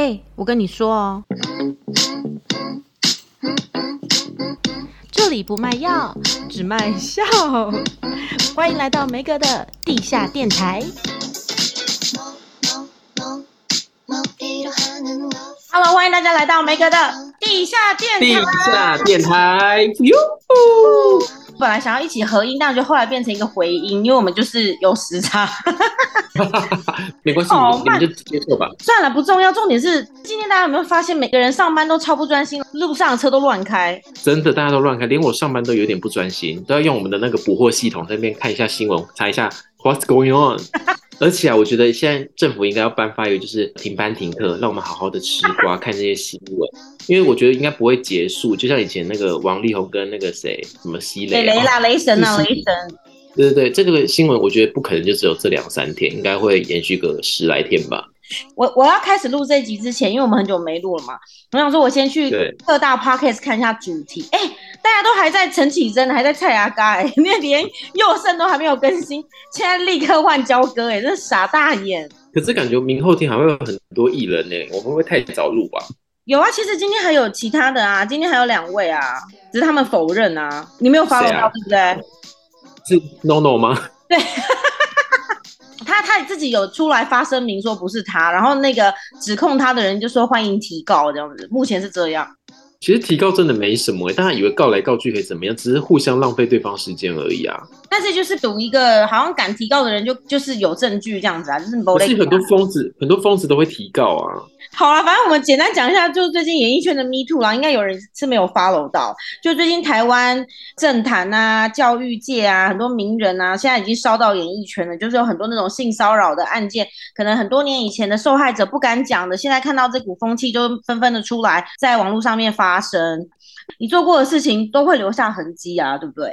欸、我跟你說哦，這裡不賣藥，只賣笑。歡迎來到梅哥的地下電台。Hello，歡迎大家來到梅哥的地下電台。地下電台，喲呼！本來想要一起合音，但就後來變成一個回音，因為我們就是有時差， 沒關係，oh, 你們就接受吧。算了，不重要，重點是今天大家有沒有發現，每個人上班都超不專心，路上車都亂開，真的大家都亂開，連我上班都有點不專心，都要用我們的那個補貨系統在那邊看一下新聞，查一下。What's going on？ 而且啊，我覺得現在政府應該要頒發一個，就是停班停課，讓我們好好的吃瓜看這些新聞，因為我覺得應該不會結束。就像以前那個王力宏跟那個誰，什麼西雷？欸、雷啦，雷神啊、哦，雷神。對對對，這個新聞我覺得不可能就只有這兩三天，應該會延續個十來天吧。我我要開始錄這一集之前，因為我們很久沒錄了嘛，我想說我先去各大 podcast 看一下主題。哎、欸，大家都還在陳啟真，還在蔡阿嘎哎、欸，那連佑勝都還沒有更新，現在立刻換佼哥，哎，真是傻大眼。可是感覺明後天還會有很多藝人呢、欸，我們會，會太早錄吧？有啊，其實今天還有其他的啊，今天還有兩位啊，只是他們否認啊，你沒有 follow 到，對不對？是 no no 嗎？對。 他他自己有出來發聲明說不是他，然後那個指控他的人就說歡迎提告這樣子，目前是這樣。其實提告真的沒什麼、欸，大家以為告來告去可以怎麼樣？只是互相浪費對方時間而已啊。但是就是賭一個，好像敢提告的人就就是有證據這樣子啊，就是。是很多瘋子，很多瘋子都會提告啊。好啊，反正我們簡單講一下，就最近演藝圈的 Me Too 啦，應該有人是沒有 follow 到。就最近台灣政壇啊、教育界啊、很多名人啊，現在已經燒到演藝圈了，就是有很多那種性騷擾的案件，可能很多年以前的受害者不敢講的，現在看到這股風氣，就紛紛的出來在網絡上面發。發生你做過的事情都會留下痕跡啊，對不對？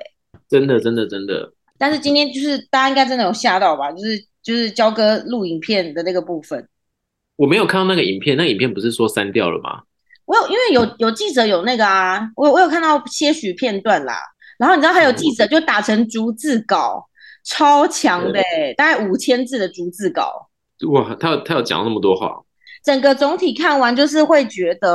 真的，真的，真的。但是今天就是大家應該真的有嚇到吧？就是就是佼哥錄影片的那個部分，我沒有看到那個影片，那個、影片不是說刪掉了嗎？我有，因為有有記者有那個啊，我有我有看到些許片段啦。然後你知道還有記者就打成逐字稿，嗯、超強的，大概五千字的逐字稿。哇，他有他有講那麼多話。整個總體看完就是會覺得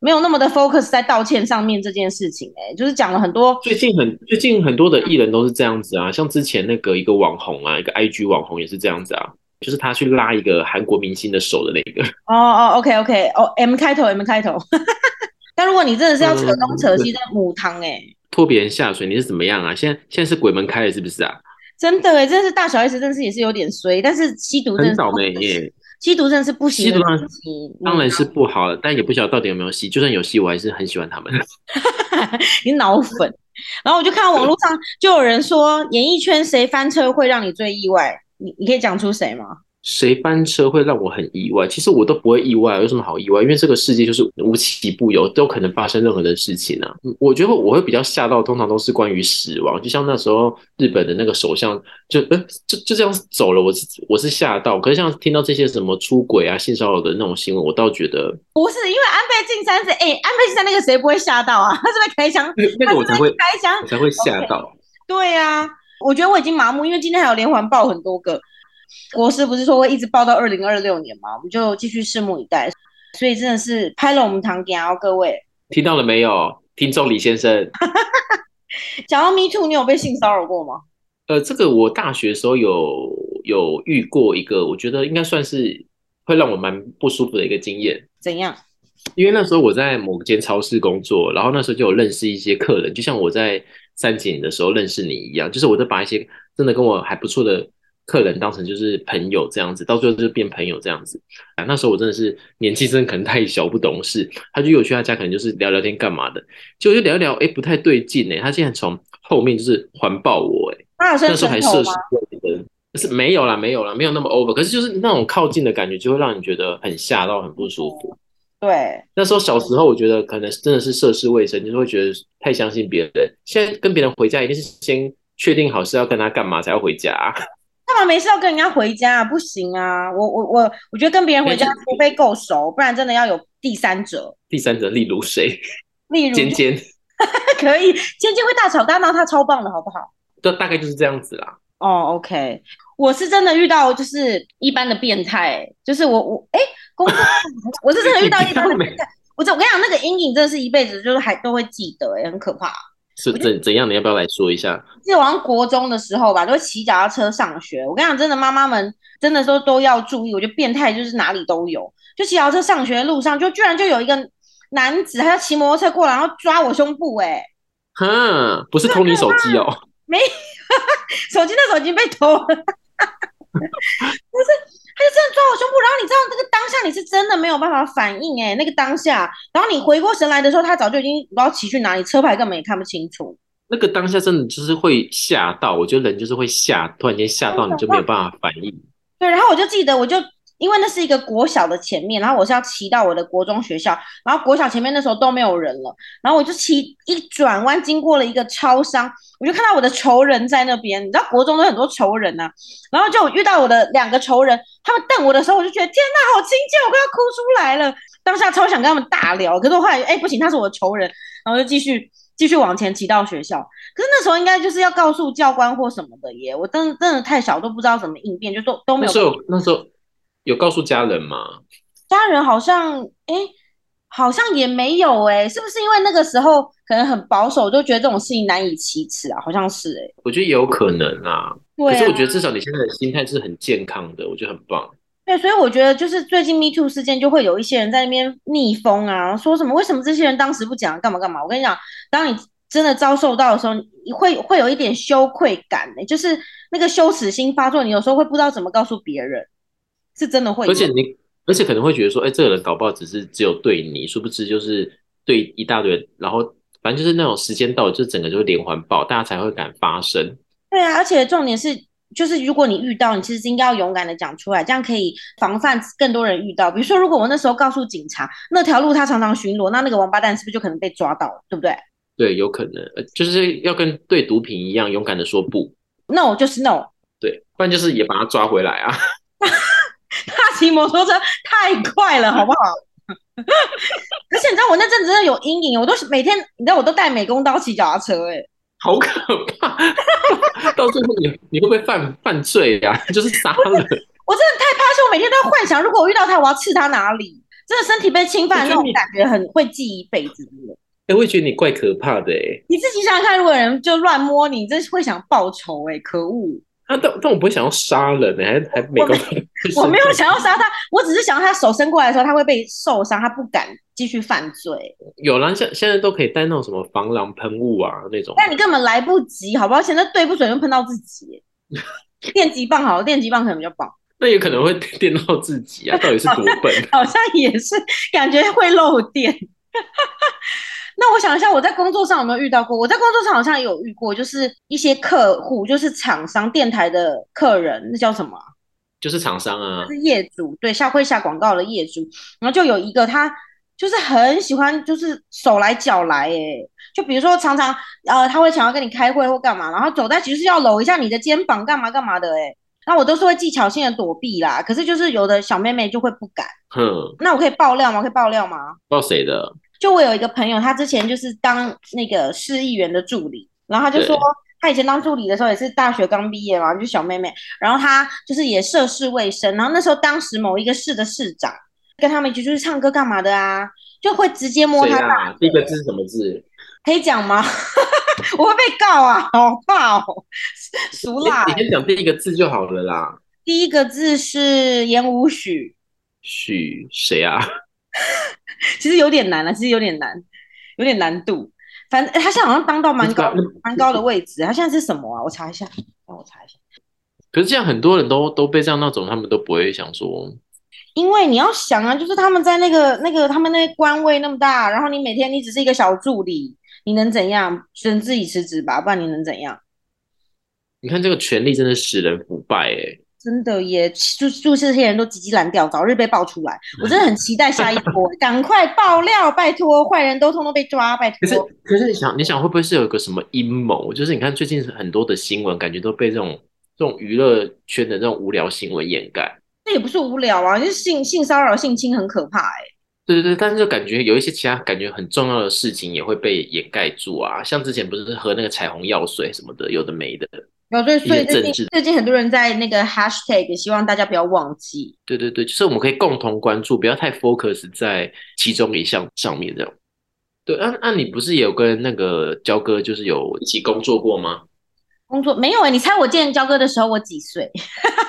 沒有那麼的 focus 在道歉上面這件事情，欸，哎，就是講了很多。最近很最近很多的藝人都是這樣子啊，像之前那個一個網紅啊，一個 IG 網紅也是這樣子啊，就是他去拉一個韓國明星的手的那個。哦，oh, 哦，oh，OK OK，哦 M 開頭 M 開頭。開頭 但如果你真的是要扯東扯西，嗯、的母湯，欸，哎，拖別人下水，你是怎麼樣啊？現在現在是鬼門開了是不是啊？真的哎，欸，真的是大小 S 真是也是有點衰，但是吸毒真的是。很倒霉耶，欸。吸毒真的是不行的，啊，當然是不好了，但也不曉得到底有沒有吸。就算有吸，我還是很喜歡他們。 你腦粉，然後我就看到網絡上就有人說， 演藝圈誰翻車會讓你最意外？你你可以講出誰嗎？誰翻車會讓我很意外？其實我都不會意外，有什麼好意外？因為這個世界就是無奇不有，都可能發生任何的事情呢、啊。我覺得我會比較嚇到，通常都是關於死亡，就像那時候日本的那個首相就、欸、就就這樣走了，我是我是嚇到。可是像聽到這些什麼出軌啊、性騷擾的那種新聞，我倒覺得不是因為安倍晉三是哎、欸，安倍晉三那個誰不會嚇到啊？他是不是開槍？那個我才會開槍才會嚇到。Okay, 對呀、啊，我覺得我已經麻木，因為今天還有連環爆很多個。國師不是說會一直報到二零二六年嗎？我們就繼續拭目以待。所以真的是拍了我們堂點啊，各位聽到了沒有？聽眾李先生， 想到 me too，你有被性騷擾過嗎？呃，這個我大學的時候有有遇過一個，我覺得應該算是會讓我蠻不舒服的一個經驗。怎樣？因為那時候我在某間超市工作，然後那時候就有認識一些客人，就像我在三井的時候認識你一樣，就是我都把一些真的跟我還不錯的。客人當成就是朋友這樣子，到最後就是變朋友這樣子。啊，那時候我真的是年紀真的可能太小不懂事，他就有去他家，可能就是聊聊天幹嘛的，就就聊一聊，哎、欸，不太對勁呢、欸。他竟然從後面就是環抱我哎、欸，那時候還涉世未深。是沒有啦，沒有啦，沒有那麼 over。可是就是那種靠近的感覺，就會讓你覺得很嚇到很不舒服、嗯。對，那時候小時候我覺得可能真的是涉世未深，就是會覺得太相信別人。現在跟別人回家，一定是先確定好是要跟他幹嘛才要回家。幹嘛沒事要跟人家回家啊，不行啊！我我我我覺得跟別人回家，除非夠熟，不然真的要有第三者。第三者例如誰？ 例如尖尖， 可以，尖尖會大吵大鬧，他超棒的，好不好？就大概就是這樣子啦。哦，OK，我是真的遇到就是一般的變態，就是我我哎，欸，工作，我是真的遇到一般的變態， 我我我跟你講，那個陰影真的是一輩子，就是還都會記得，欸，哎，很可怕。是怎怎樣？你要不要來說一下？是好像國中的時候吧，都會騎腳踏車上學。我跟你講，真的，媽媽們真的都都要注意。我覺得變態就是哪裡都有，就騎腳踏車上學的路上，就居然就有一個男子，他要騎摩托車過來，然後抓我胸部。欸，哎，哼，不是偷你手機哦，那個，沒，呵呵手機那手機被偷了， 他就這樣抓我胸部，然後你知道那個當下你是真的沒有辦法反應誒、欸，那個當下，然後你回過神來的時候，他早就已經不知道騎去哪裡，車牌根本也看不清楚。那個當下真的就是會嚇到，我覺得人就是會嚇，突然間嚇到你就沒有辦法反應。嗯、對，然後我就記得我就。因為那是一個國小的前面，然後我是要騎到我的國中學校，然後國小前面那時候都沒有人了，然後我就騎一轉彎經過了一個超商，我就看到我的仇人在那邊，你知道國中都很多仇人吶、啊，然後就遇到我的兩個仇人，他們瞪我的時候，我就覺得天吶好親切，我快要哭出來了，當下超想跟他們大聊，可是我後來哎、欸、不行，他是我的仇人，然後就繼續繼續往前騎到學校，可是那時候應該就是要告訴教官或什麼的耶，我真的真的太小都不知道怎麼應變，就都都沒有那時候。有告訴家人嗎？家人好像，哎、欸，好像也沒有、欸，哎，是不是因為那個時候可能很保守，就覺得這種事情難以啟齒啊？好像是、欸，哎，我覺得也有可能啊。對啊，可是我覺得至少你現在的心態是很健康的，我覺得很棒。對，所以我覺得就是最近 Me Too 事件，就會有一些人在那邊逆風啊，說什麼為什麼這些人當時不講，幹嘛幹嘛？我跟你講，當你真的遭受到的時候，你會會有一點羞愧感、欸，哎，就是那個羞恥心發作，你有時候會不知道怎麼告訴別人。是真的會，而且你，而且可能會覺得說，哎、欸，這個人搞不好只是只有對你，殊不知就是對一大堆，然後反正就是那種時間到就整個就是連環爆，大家才會敢發聲。對啊，而且重點是，就是如果你遇到，你其實是應該要勇敢的講出來，這樣可以防範更多人遇到。比如說，如果我那時候告訴警察那條路他常常巡邏，那那個王八蛋是不是就可能被抓到了，對不對？對，有可能，就是要跟對毒品一樣勇敢的說不，No 就是 No，對，不然就是也把他抓回來啊。 騎摩托車太快了，好不好？ 而且你知道我那陣子真的有陰影，我都每天，你知道我都帶美工刀騎腳踏車，欸，哎，好可怕！ 到最後你你會不會犯犯罪呀？啊？就是殺人？我真的太怕，所以我每天都要幻想，如果我遇到他，我要刺他哪裡？真的身體被侵犯那種感覺，很會記一輩子的。我也覺得你怪可怕的，欸。哎，你自己想想看，如果有人就亂摸你，你真是會想報仇，欸。哎，可惡！啊、但但我不會想要殺人，還還每個我，我沒有想要殺他，我只是想要他手伸過來的時候，他會被受傷，他不敢繼續犯罪。有啦，現現在都可以帶那種什麼防狼噴霧啊那種。但你根本來不及，好不好？現在對不準就噴到自己 電擊棒好了。電擊棒好，電擊棒可能比較棒。那也可能會電到自己啊，到底是多笨？ 好像也是，感覺會漏電。 那我想一下，我在工作上有沒有遇到過？我在工作上好像也有遇過，就是一些客戶，就是廠商、電台的客人，那叫什麼？就是廠商啊，是業主，對，下會下廣告的業主。然後就有一個他，就是很喜歡，就是手來腳來，誒，就比如說常常，呃，他會想要跟你開會或幹嘛，然後走在其實要摟一下你的肩膀，幹嘛幹嘛的，誒，那我都是會技巧性的躲避啦。可是就是有的小妹妹就會不敢。哼、嗯，那我可以爆料嗎？可以爆料嗎？爆誰的？就我有一個朋友，他之前就是當那個市議員的助理，然後他就說，他以前當助理的時候也是大學剛畢業嘛，就小妹妹，然後他就是也涉世未深，然後那時候當時某一個市的市長跟他們一起就是唱歌幹嘛的啊，就會直接摸他、啊。第一個字什麼字？可以講嗎？ 我會被告啊，好怕哦，俗辣。你先講第一個字就好了啦。第一個字是言無許。許誰啊？ 其實有點難了、啊，其實有點難，有點難度。反正、欸、他現在好像當到蠻高蠻高的位置，他現在是什麼啊？我查一下，讓我查一下。可是現在很多人都都被這樣那種，他們都不會想說。因為你要想啊，就是他們在那個那個他們那官位那麼大，然後你每天你只是一個小助理，你能怎樣？只能自己辭職吧，不然你能怎樣？你看這個權力真的使人腐敗哎、欸。真的耶，祝祝這些人都急急爛掉，早日被爆出來。我真的很期待下一波， 趕快爆料，拜託，壞人都通通被抓，拜託。可是你想，你想會不會是有個什麼陰謀？就是你看最近很多的新聞，感覺都被這種這種娛樂圈的這種無聊新聞掩蓋。那也不是無聊啊，就是性性騷擾、性侵很可怕哎、欸。對對對，但是就感覺有一些其他感覺很重要的事情也會被掩蓋住啊。像之前不是喝那個彩虹藥水什麼的，有的沒的。有對，所以最近最近很多人在那個 hashtag，希望大家不要忘記。對對對，就是我們可以共同關注，不要太 focus 在其中一項上面這樣。對，那、啊、那、啊、你不是也有跟那個佼哥就是有一起工作過嗎？工作沒有哎、欸，你猜我見佼哥的時候我幾歲？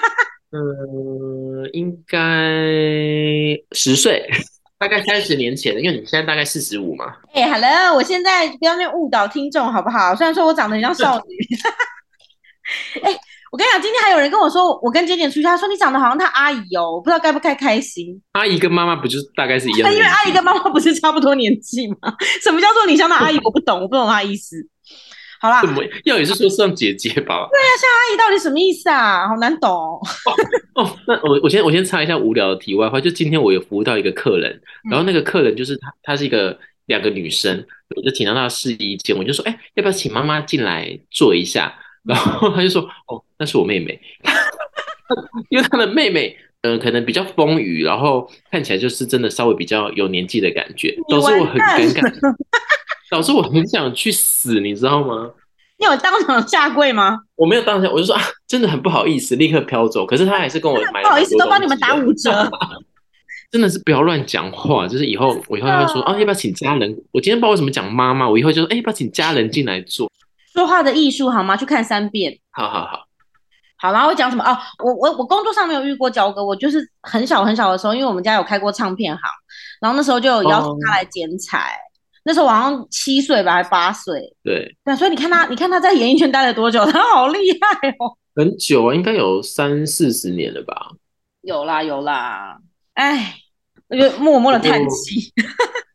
呃，應該十歲，大概三十年前，因為你現在大概四十五嘛。哎，好了，我現在不要去誤導聽眾好不好？雖然說我長得很像少女。 哎、欸，我跟你講，今天還有人跟我說，我跟姐姐出去，她說你長得好像她阿姨哦、喔，我不知道該不該開心。阿姨跟媽媽不就是大概是一樣的？那因為阿姨跟媽媽不是差不多年紀嗎？什麼叫做你像她阿姨？我不懂，我不懂她意思。好啦，要也是說像姐姐吧。對呀、啊，像阿姨到底什麼意思啊？好難懂。哦，哦，那我先我先我先插一下無聊的題外話，就今天我有服務到一個客人，嗯、然後那個客人就是她，她是一個兩個女生，我就請到她試衣間，我就說，哎、欸，要不要請媽媽進來坐一下？然後他就說：“哦，那是我妹妹， 因為他的妹妹，嗯、呃，可能比較豐腴，然後看起來就是真的稍微比較有年紀的感覺，導致我很尷尬，導致我很想去死，你知道嗎？你有當場下跪嗎？我沒有當場，我就說啊，真的很不好意思，立刻飄走。可是他還是跟我買的，不好意思，都幫你們打五折。啊啊，真的是不要亂講話，就是以後是我以後會說啊，要不要請家人？我今天不知道為什麼講媽媽，我以後就說，哎，要不要請家人進來坐？”說話的藝術好嗎？去看三遍。好好好，好。然後我講什麼哦？我我我工作上沒有遇過佼哥，我就是很小很小的時候，因為我們家有開過唱片行，然後那時候就有邀請他來剪彩，哦。那時候我好像七歲吧，還八歲。對對，所以你看他，你看他在演藝圈待了多久？他好厲害哦。很久啊，應該有三四十年了吧？有啦有啦，哎，那個默默的嘆氣。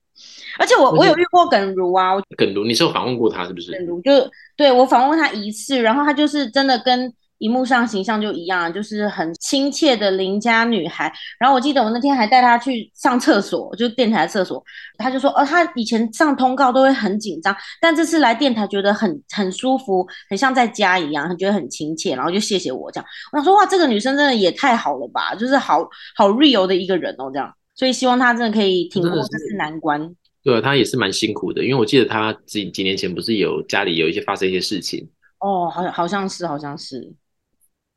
而且我而且我有遇過耿如啊，耿如，你是有訪問過他是不是？耿如就是對，我訪問他一次，然後他就是真的跟熒幕上形象就一樣，就是很親切的鄰家女孩。然後我記得我那天還帶他去上廁所，就是、電台廁所，他就說哦，他以前上通告都會很緊張，但這次來電台覺得很很舒服，很像在家一樣，她覺得很親切，然後就謝謝我這樣。我想說哇，這個女生真的也太好了吧，就是好好 real 的一個人哦，這樣。所以希望她真的可以挺過這次、啊、難關。對啊，他也是蠻辛苦的，因為我記得他幾幾年前不是有家裡有一些發生一些事情哦，好像好像是好像是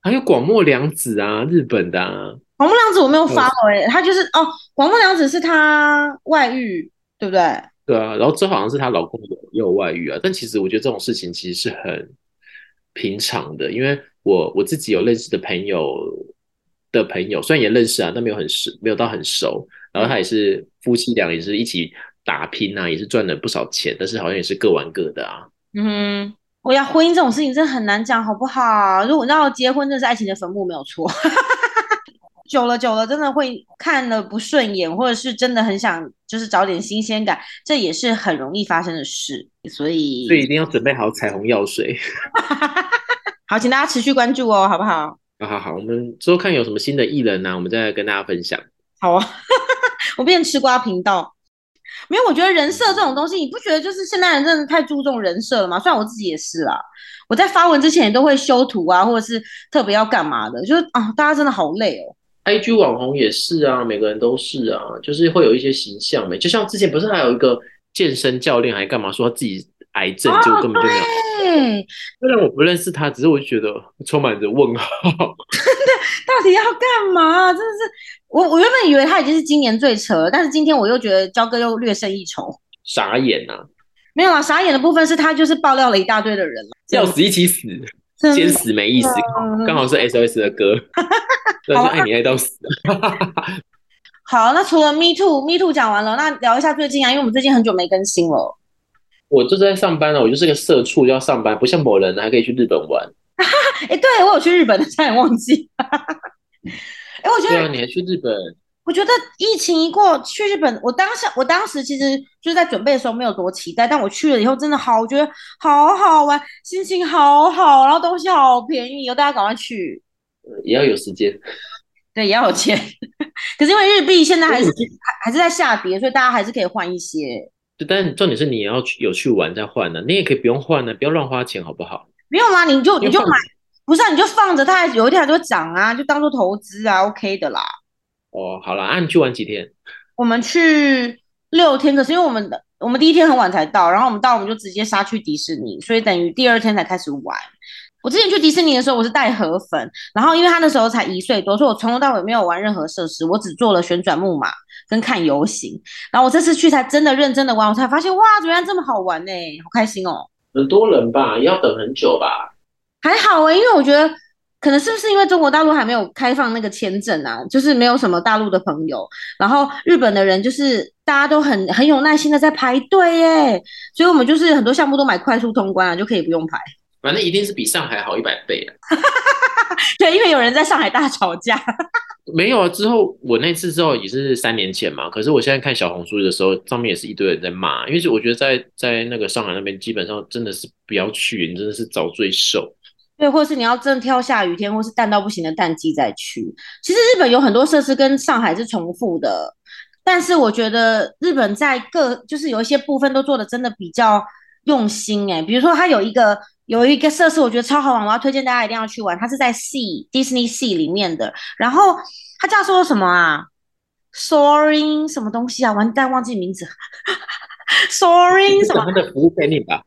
還有廣末涼子啊，日本的、啊、廣末涼子我沒有發過哎、哦，他就是哦，廣末涼子是他外遇，對不對？對啊，然後之後好像是她老公也有外遇啊，但其實我覺得這種事情其實是很平常的，因為我我自己有認識的朋友的朋友，雖然也認識啊，但沒有很熟，沒有到很熟，然後他也是夫妻倆也是一起。打拼啊，也是賺了不少錢，但是好像也是各玩各的啊。嗯哼，我要婚姻這種事情真的很難講，好不好？如果要結婚，真是愛情的墳墓，沒有錯。 久了久了，真的會看了不順眼，或者是真的很想就是找點新鮮感，這也是很容易發生的事。所以，所以一定要準備好彩虹藥水。 好，請大家持續關注哦，好不好？好、啊、好好，我們之後看有什麼新的藝人呢？啊？我們再來跟大家分享。好啊、哦， 我變吃瓜頻道。因為我覺得人設這種東西，你不覺得就是現在人真的太注重人設了嗎？雖然我自己也是啦，我在發文之前也都會修圖啊，或者是特別要幹嘛的，就是啊、哦，大家真的好累哦。IG 網紅也是啊，每個人都是啊，就是會有一些形象美，就像之前不是還有一個健身教練還幹嘛說他自己癌症，就、哦、根本就沒有。嗯，雖然我不認識他，只是我覺得充滿着問號 真的，到底要幹嘛？真的是我，我原本以為他已經是今年最扯，但是今天我又覺得佼哥又略勝一籌。傻眼啊！沒有啊，傻眼的部分是他就是爆料了一大堆的人，要死一起死，真的，先死沒意思。剛、嗯、好是 SOS 的歌，那、 啊、是愛你愛到死、啊。 好，那除了 Me Too，Me Too 講完了，那聊一下最近啊，因為我們最近很久沒更新了。我就在上班了，我就是個社畜，要上班，不像某人還可以去日本玩。哎、 欸，對，我有去日本的，差點忘記。哎、 欸，我覺得，對啊，你還去日本？我覺得疫情一過去日本，我當時，我當時其實就是在準備的時候沒有多期待，但我去了以後，真的好，我覺得好好玩，心情好好，然後東西好便宜，大家趕快去。呃、也要有時間， 對，也要有錢。 可是因為日幣現在還是還 還是在下跌，所以大家還是可以換一些。但是重點是你要去有去玩再換呢、啊，你也可以不用換呢、啊，不要亂花錢，好不好？沒有嗎、啊？你就你就買，不是、啊，你就放着，它有一天它就漲啊，就當做投資啊，OK 的啦。哦，好啦，那、啊、你去玩幾天？我們去六天，可是因為我們的我們第一天很晚才到，然後我們到我們就直接殺去迪士尼，所以等於第二天才開始玩。我之前去迪士尼的時候，我是帶河粉，然後因為他那時候才一歲多，所以我從頭到尾沒有玩任何設施，我只坐了旋轉木馬，跟看遊行，然後我這次去才真的認真的玩，我才發現哇，怎麼樣這麼好玩呢、欸？好開心哦！很多人吧，要等很久吧？還好哎、欸，因為我覺得可能是不是因為中國大陸還沒有開放那個簽證啊，就是沒有什麼大陸的朋友，然後日本的人就是大家都很很有耐心的在排隊耶、欸，所以我們就是很多項目都買快速通關啊，就可以不用排。反正一定是比上海好一百倍 對，因為有人在上海大吵架。沒有啊，之後我那次之後也是三年前嘛。可是我現在看小紅書的時候，上面也是一堆人在罵。因為我覺得在在那個上海那邊，基本上真的是不要去，你真的是找罪受。對，或者是你要真挑下雨天，或是淡到不行的淡季再去。其實日本有很多設施跟上海是重複的，但是我覺得日本在各就是有一些部分都做的真的比較用心哎、欸，比如說它有一個。有一個設施，我覺得超好玩，我要推薦大家一定要去玩。它是在 Sea Disney Sea 裡面的，然後它叫做什麼啊？Soaring 什麼東西啊？完蛋，忘記名字。 Soaring 什麼？的服務給你吧。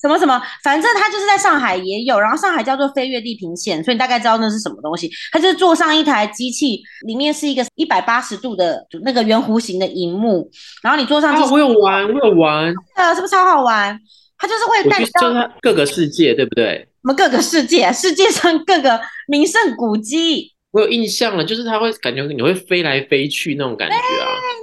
什麼什麼？反正它就是在上海也有，然後上海叫做飛越地平線，所以你大概知道那是什麼東西。它就是坐上一台機器，裡面是一個一百八十度的那個圓弧形的螢幕，然後你坐上去、就是啊。我有玩，我有玩，這個、是不是超好玩？他就是會帶到就是他各個世界，對不對？什麼各個世界、啊？世界上各個名勝古蹟。我有印象了，就是他會感覺你會飛來飛去那種感覺啊，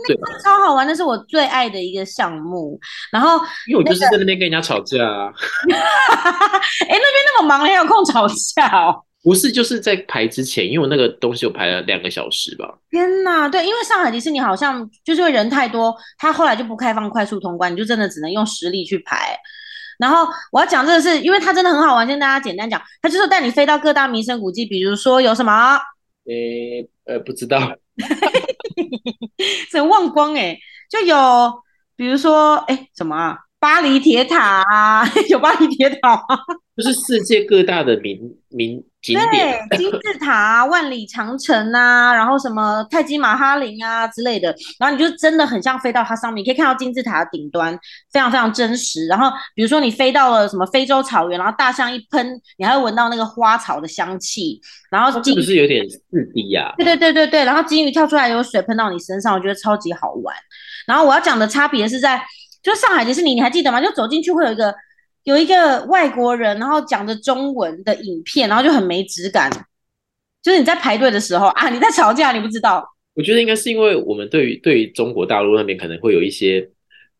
對、欸，那個、超好玩，那是我最愛的一個項目。然後，因為我就是在那邊跟人家吵架啊。哎、 欸，那邊那麼忙，還有空吵架、哦？不是，就是在排之前，因為我那個東西我排了兩個小時吧。天哪，對，因為上海迪士尼好像就是因為人太多，他後來就不開放快速通關，你就真的只能用實力去排。然後我要講這個是因為它真的很好玩，先大家簡單講，它就是帶你飛到各大名勝古蹟，比如說有什麼？呃呃，不知道，這 忘光誒、欸、就有，比如說，哎，什麼啊？巴黎鐵塔、啊、有巴黎鐵塔、啊，就 是世界各大的名名景點，對，金字塔、萬里長城啊，然後什麼泰姬瑪哈陵啊之類的，然後你就真的很像飛到它上面，你可以看到金字塔的頂端，非常非常真實。然後比如說你飛到了什麼非洲草原，然後大象一噴，你還會聞到那個花草的香氣。然後是不是有點刺鼻呀、啊？對對對對對，然後鯨魚跳出來有水噴到你身上，我覺得超級好玩。然後我要講的差別是在。就上海迪士尼，你還記得嗎？就走進去會有一個有一個外國人，然後講着中文的影片，然後就很沒質感。就是你在排隊的時候啊，你在吵架，你不知道。我覺得應該是因為我們對於對於中國大陸那邊可能會有一些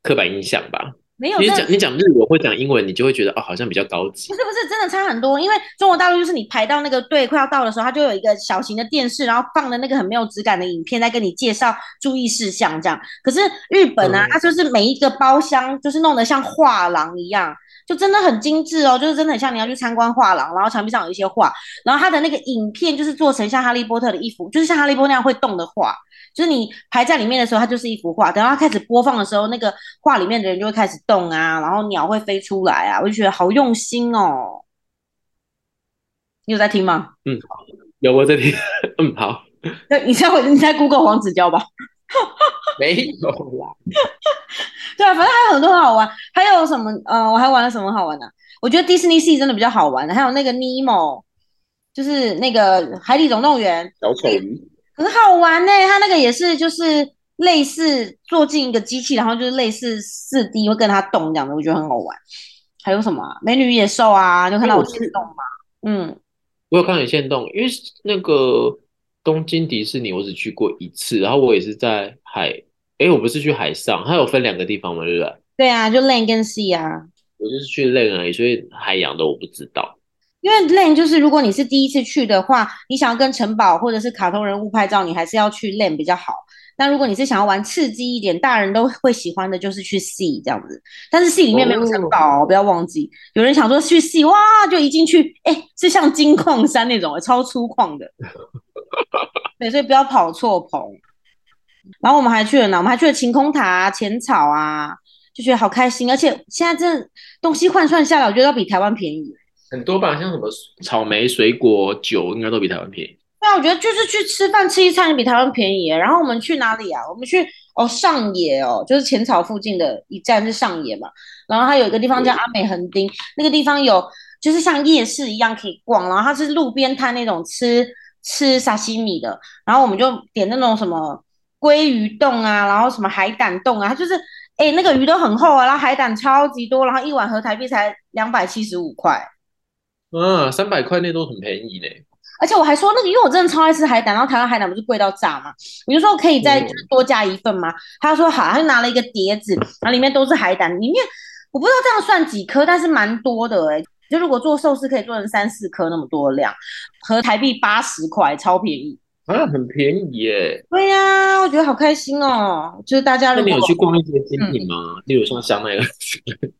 刻板印象吧。沒有你講你講日語，我會講英文，你就會覺得啊、哦、好像比較高級。不是不是，真的差很多。因為中國大陸就是你排到那個隊快要到的時候，它就有一個小型的電視，然後放的那個很沒有質感的影片，在跟你介紹注意事項這樣。可是日本啊、嗯，它就是每一個包廂就是弄得像畫廊一樣，就真的很精致哦，就是真的很像你要去參觀畫廊，然後牆壁上有一些畫，然後它的那個影片就是做成像哈利波特的衣服，就是像哈利波特那樣會動的畫。就是你排在裡面的時候，它就是一幅畫。等到它開始播放的時候，那個畫裡面的人就會開始動啊，然後鳥會飛出來啊，我就覺得好用心哦。你有在聽嗎？嗯，有，我在聽。嗯，好。那你猜會？你猜 Google 黃子佼吧？ 沒有啦、啊。 對啊，反正還有很多好玩。還有什麼？呃，我還玩了什麼好玩的？我覺得 Disney Sea 真的比較好玩。還有那個 Nemo，就是那個《海底總動員》小丑魚。很好玩呢、欸，他那個也是就是類似坐進一個機器，然後就是類似四 D 會跟他動這樣的，我覺得很好玩。還有什麼美女野獸啊？就看到我限動嗎？嗯，我有看你限動，因為那個東京迪士尼我只去過一次，然後我也是在海，哎、欸，我不是去海上，它有分兩個地方嘛，對不對？對啊，就 land 跟 sea 啊。我就是去 land 而已，所以海洋的我不知道。因為 Land 就是，如果你是第一次去的話，你想要跟城堡或者是卡通人物拍照，你還是要去 Land 比較好。那如果你是想要玩刺激一點，大人都會喜歡的，就是去 Sea 這樣子。但是 Sea 裡面沒有城堡。哦哦，不要忘記。有人想說去 Sea，哇，就一進去，哎、欸，是像金礦山那種，超粗獷的。 對，所以不要跑錯棚。然後我們還去了哪？我們還去了晴空塔、啊、淺草啊，就覺得好開心。而且現在這東西換算下來，我覺得要比台灣便宜。很多吧，像什麼草莓水果酒，應該都比台灣便宜。對啊，我覺得就是去吃飯吃一餐也比台灣便宜。然後我們去哪裡啊？我們去哦上野哦，就是淺草附近的一站是上野嘛。然後它有一個地方叫阿美橫丁，那個地方有就是像夜市一樣可以逛，然後它是路邊攤那種吃吃沙西米的。然後我們就點那種什麼鮭魚凍啊，然後什麼海膽凍啊，它就是哎那個魚都很厚啊，然後海膽超級多，然後一碗合台幣才兩百七十五塊。啊，三百塊那都很便宜嘞，欸，而且我還說那個，因為我真的超愛吃海膽，然後台灣海膽不是貴到炸嘛，我就說可以再多加一份嗎？嗯、他說好，他就拿了一個碟子，然後裡面都是海膽，裡面我不知道這樣算幾顆，但是蠻多的哎，欸，就如果做壽司可以做成三四顆那麼多的量，和台幣八十塊超便宜，啊，很便宜耶，欸，對呀，啊，我覺得好開心哦，喔，就是大家如果你有去逛一些精品嗎，嗯？例如像香奈、那、兒、個。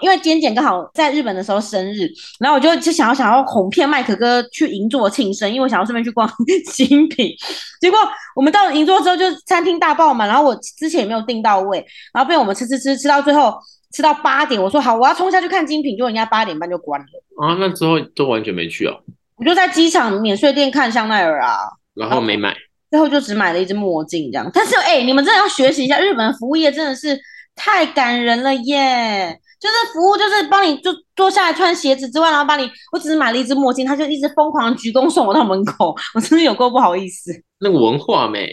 因為尖尖剛好在日本的時候生日，然後我就就想要想要哄騙麥可哥去銀座慶生，因為我想要順便去逛精品。結果我們到了銀座之後，就餐廳大爆滿，然後我之前也沒有訂到位，然後被我們吃吃吃吃到最後吃到八點，我說好，我要衝下去看精品，結果人家八點半就關了啊！那之後都完全沒去哦，我就在機場免稅店看香奈兒啊，然後沒買，後最後就只買了一只墨鏡這樣。但是哎、欸，你們真的要學習一下日本服務業，真的是太感人了耶！就是服務，就是幫你就坐下來穿鞋子之外，然後幫你，我只是買了一支墨鏡，他就一直瘋狂鞠躬送我到門口，我真的有夠不好意思。那個文化沒？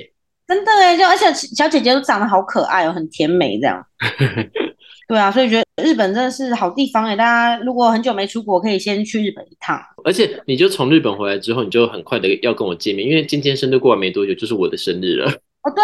真的誒，就而且小姐姐都長得好可愛哦，很甜美這樣。 對啊，所以覺得日本真的是好地方誒，大家如果很久沒出國，可以先去日本一趟。而且你就從日本回來之後，你就很快的要跟我見面，因為今天生日過完沒多久，就是我的生日了。對，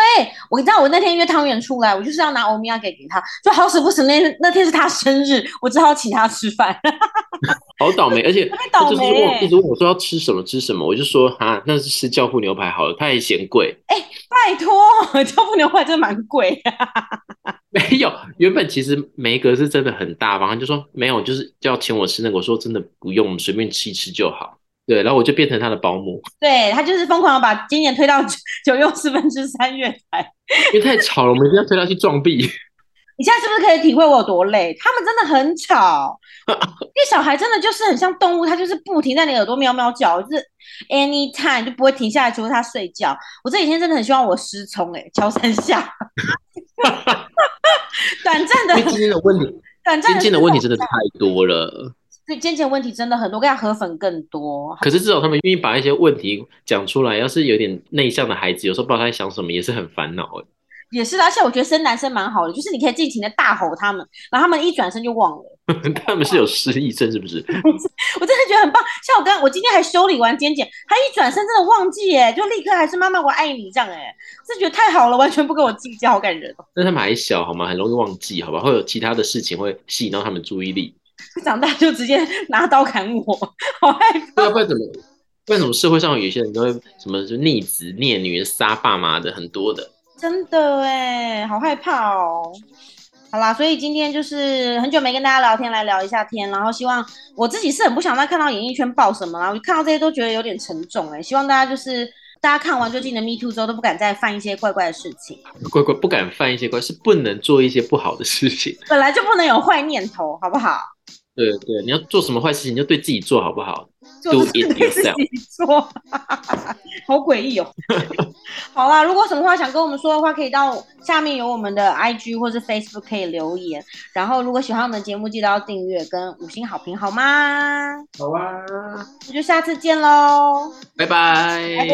我知道我那天約湯圓出來，我就是要拿歐米伽給給他，就好死不死那天那天是他生日，我只好請他吃飯， 好倒霉，而且一直問一直、就是、問我說要吃什麼吃什麼，我就說哈，那是吃教父牛排好了，他也嫌貴，哎、欸，拜託，教父牛排真的蠻貴、啊， 沒有，原本其實梅格是真的很大方，他就說沒有，就是要請我吃那個，我說真的不用，隨便吃一吃就好。對，然後我就變成他的保姆，對，他就是瘋狂的把今年推到九又四分之三月台， 因為太吵了，我們一定要推他去撞壁。你現在是不是可以體會我有多累？他們真的很吵，那 小孩真的就是很像動物，他就是不停在你耳朵喵喵叫，就是 anytime 就不會停下來，除了他睡覺。我這幾天真的很希望我失聰，哎，敲三下， 短暫的，今天的問題，短暫的，今天今天的問題真的太多了。 所以肩尖問題真的很多，更加河粉更多。可是至少他們願意把一些問題講出來。要是有點內向的孩子，有時候不知道他在想什麼，也是很煩惱耶。也是，而且我覺得生男生蠻好的，就是你可以盡情的大吼他們，然後他們一轉身就忘了。 他們是有失憶症是不是？ 我真的覺得很棒。像我剛剛，我今天還修理完肩尖，他一轉身真的忘記，哎，就立刻還是媽媽我愛你這樣耶，哎，這覺得太好了，完全不跟我計較，好感人。但他們還小好嗎？很容易忘記，好吧？會有其他的事情會吸引到他們注意力。長大就直接拿刀砍我，好害怕！對啊，不然怎麼？不然怎麼？社會上有些人都會什麼就逆子、虐女、殺爸媽的，很多的。真的哎，好害怕哦！好啦，所以今天就是很久沒跟大家聊天，來聊一下天。然後，希望我自己是很不想再看到演藝圈爆什麼啦，我就看到這些都覺得有點沉重哎。希望大家就是大家看完最近的 Me Too 之後，都不敢再犯一些怪怪的事情。怪怪不敢犯一些怪，是不能做一些不好的事情。本來就不能有壞念頭，好不好？對，對對，你要做什麼壞事情，你就對自己做好不好？對自己做，好詭異哦！ 好啦，如果什麼話想跟我們說的話，可以到下面有我們的 IG 或是 Facebook 可以留言。然後如果喜歡我們的節目，記得要訂閱跟五星好評，好嗎？好啊，那就下次見嘍，拜拜。